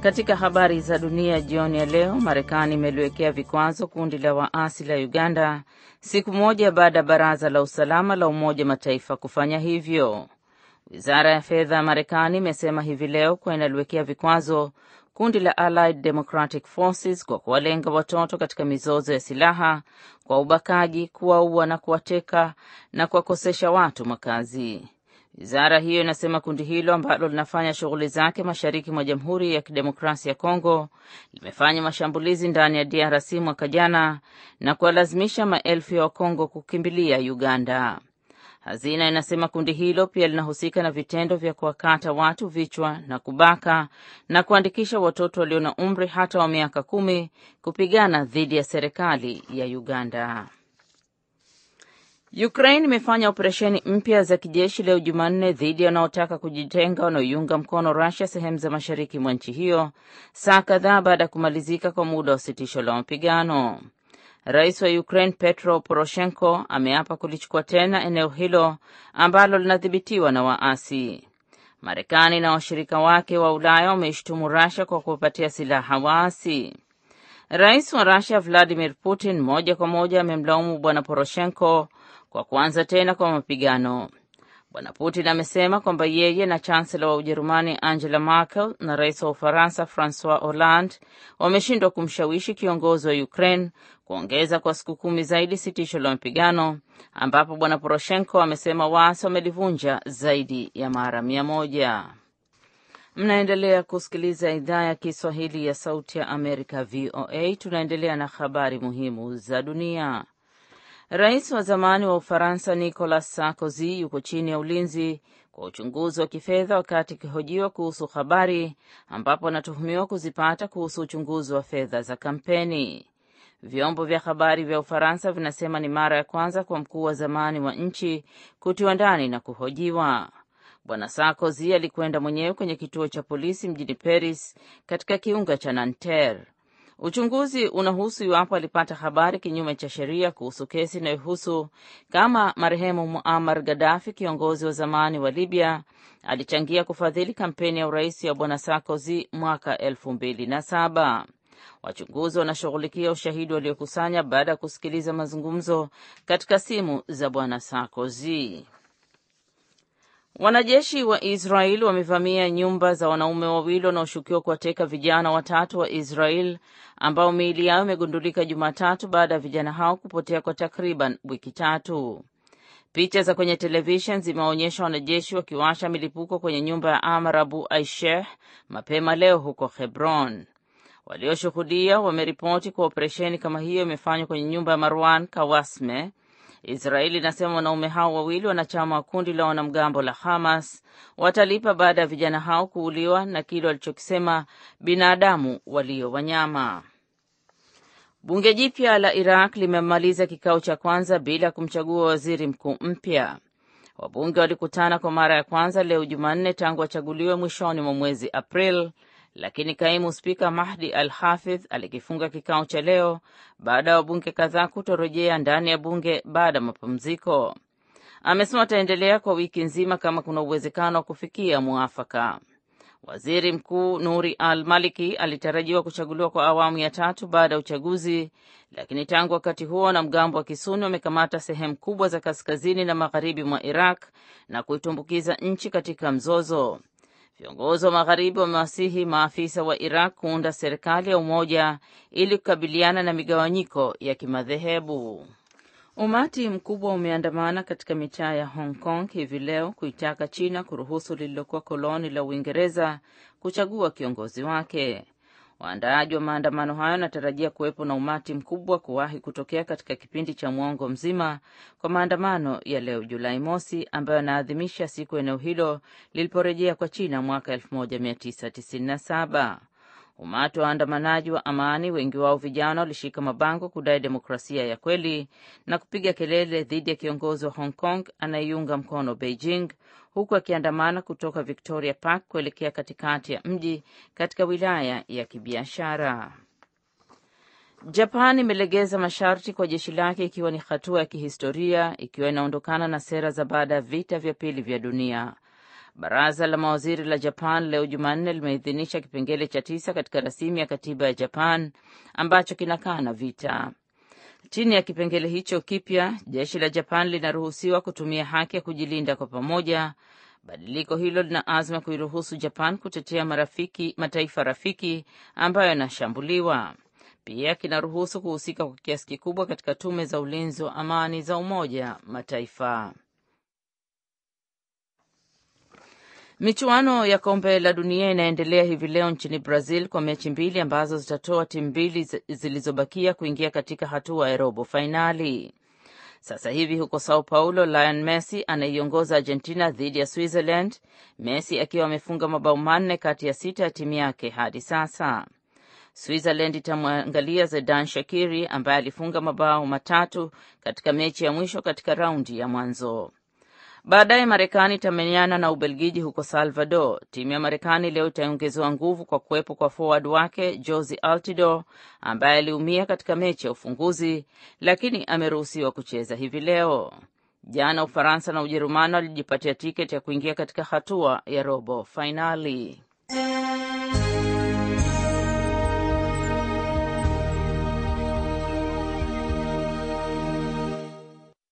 Katika habari za dunia jioni ya leo, Marekani imeliwekea vikwazo kundi la waasi la Uganda siku moja baada ya baraza la usalama la Umoja Mataifa kufanya hivyo. Wizara ya fedha ya Marekani imesema hivi leo kuwa inaliwekea vikwazo kundi la Allied Democratic Forces kwa kuwalenga watoto katika mizozo ya silaha, kwa ubakaji, kuwaua na kuwateka na kuwakosesha watu makazi. Wizara hiyo inasema kundi hilo ambalo linafanya shughuli zake mashariki mwa Jamhuri ya Kidemokrasia ya Kongo limefanya mashambulizi ndani ya DRC mwaka jana na kuwalazimisha maelfu ya Wakongo kukimbilia Uganda. Hazina inasema kundi hilo pia linahusika na vitendo vya kuwakata watu vichwa na kubaka na kuandikisha watoto walio na umri hata wa miaka kumi kupigana dhidi ya serikali ya Uganda. Ukraine imefanya operesheni mpya za kijeshi leo Jumanne dhidi ya wanaotaka kujitenga wanaoiunga mkono Russia sehemu za mashariki mwa nchi hiyo saa kadhaa baada ya kumalizika kwa muda wa sitisho la mapigano. Rais wa Ukraine Petro Poroshenko ameapa kulichukua tena eneo hilo ambalo linadhibitiwa na waasi. Marekani na washirika wake wa Ulaya wameishtumu Russia kwa kuwapatia silaha waasi. Rais wa Russia Vladimir Putin moja kwa moja amemlaumu Bwana Poroshenko kwa kuanza tena kwa mapigano. Bwana Putin amesema kwamba yeye na chansela wa Ujerumani Angela Merkel na rais wa Ufaransa Francois Hollande wameshindwa kumshawishi kiongozi wa Ukraine kuongeza kwa siku kumi zaidi sitisho la mapigano, ambapo Bwana Poroshenko amesema waasi wamelivunja zaidi ya mara mia moja. Mnaendelea kusikiliza idhaa ya Kiswahili ya Sauti ya Amerika, VOA. Tunaendelea na habari muhimu za dunia. Rais wa zamani wa Ufaransa Nicolas Sarkozy yuko chini ya ulinzi kwa uchunguzi wa kifedha wakati akihojiwa kuhusu habari ambapo anatuhumiwa kuzipata kuhusu uchunguzi wa fedha za kampeni. Vyombo vya habari vya Ufaransa vinasema ni mara ya kwanza kwa mkuu wa zamani wa nchi kutiwa ndani na kuhojiwa. Bwana Sarkozy alikwenda mwenyewe kwenye kituo cha polisi mjini Paris katika kiunga cha Nanterre. Uchunguzi unahusu iwapo alipata habari kinyume cha sheria kuhusu kesi inayohusu kama marehemu Muammar Gaddafi, kiongozi wa zamani wa Libya, alichangia kufadhili kampeni ya urais ya bwana Sarkozy mwaka elfu mbili na saba. Wachunguzi wanashughulikia ushahidi waliokusanya baada ya kusikiliza mazungumzo katika simu za bwana Sarkozy. Wanajeshi wa Israel wamevamia nyumba za wanaume wawili wanaoshukiwa kuwateka vijana watatu wa Israel ambao miili yao imegundulika Jumatatu baada ya vijana hao kupotea kwa takriban wiki tatu. Picha za kwenye televishen zimeonyesha wanajeshi wakiwasha milipuko kwenye nyumba ya Amar Abu Aisheh mapema leo huko Hebron. Walioshuhudia wameripoti kwa operesheni kama hiyo imefanywa kwenye nyumba ya Marwan Kawasme, Israeli inasema wanaume hao wawili wanachama wa kundi la wanamgambo la Hamas watalipa baada ya vijana hao kuuliwa na kile walichokisema binadamu walio wanyama. Bunge jipya la Iraq limemaliza kikao cha kwanza bila kumchagua waziri mkuu mpya. Wabunge walikutana kwa mara ya kwanza leo Jumanne tangu wachaguliwe mwishoni mwa mwezi April lakini kaimu spika Mahdi Al Hafidh alikifunga kikao cha leo baada ya wabunge kadhaa kutorejea ndani ya bunge baada ya mapumziko. Amesema ataendelea kwa wiki nzima kama kuna uwezekano wa kufikia mwafaka. Waziri Mkuu Nuri Al Maliki alitarajiwa kuchaguliwa kwa awamu ya tatu baada ya uchaguzi, lakini tangu wakati huo wanamgambo wa Kisuni wamekamata sehemu kubwa za kaskazini na magharibi mwa Iraq na kuitumbukiza nchi katika mzozo. Viongozi wa Magharibi wamewasihi maafisa wa Iraq kuunda serikali ya umoja ili kukabiliana na migawanyiko ya kimadhehebu. Umati mkubwa umeandamana katika mitaa ya Hong Kong hivi leo kuitaka China kuruhusu lililokuwa koloni la Uingereza kuchagua kiongozi wake. Waandaaji wa maandamano hayo wanatarajia kuwepo na umati mkubwa kuwahi kutokea katika kipindi cha mwongo mzima kwa maandamano ya leo Julai mosi, ambayo yanaadhimisha siku eneo hilo liliporejea kwa China mwaka 1997. Umati wa waandamanaji wa amani, wengi wao vijana, walishika mabango kudai demokrasia ya kweli na kupiga kelele dhidi ya kiongozi wa Hong Kong anayeiunga mkono Beijing huku akiandamana kutoka Victoria Park kuelekea katikati ya mji katika wilaya ya kibiashara. Japan imelegeza masharti kwa jeshi lake ikiwa ni hatua ya kihistoria ikiwa inaondokana na sera za baada ya vita vya pili vya dunia. Baraza la mawaziri la Japan leo Jumanne limeidhinisha kipengele cha tisa katika rasimu ya katiba ya Japan ambacho na vita. Chini ya kipengele hicho kipya, jeshi la Japan linaruhusiwa kutumia haki ya kujilinda kwa pamoja. Badiliko hilo lina azma kuiruhusu Japan kutetea marafiki, mataifa rafiki ambayo yanashambuliwa. Pia kinaruhusu kuhusika kwa kiasi kikubwa katika tume za ulinzi wa amani za Umoja Mataifa. Michuano ya kombe la dunia inaendelea hivi leo nchini Brazil kwa mechi mbili ambazo zitatoa timu mbili zilizobakia kuingia katika hatua ya robo fainali. Sasa hivi huko Sao Paulo, Lionel Messi anaiongoza Argentina dhidi ya Switzerland, Messi akiwa amefunga mabao manne kati ya sita ya timu yake hadi sasa. Switzerland itamwangalia Zedan Shakiri ambaye alifunga mabao matatu katika mechi ya mwisho katika raundi ya mwanzo. Baadaye Marekani itamenyana na Ubelgiji huko Salvador. Timu ya Marekani leo itaongezewa nguvu kwa kuwepo kwa forward wake Josi Altido ambaye aliumia katika mechi ya ufunguzi, lakini ameruhusiwa kucheza hivi leo. Jana Ufaransa na Ujerumani walijipatia tiketi ya kuingia katika hatua ya robo fainali.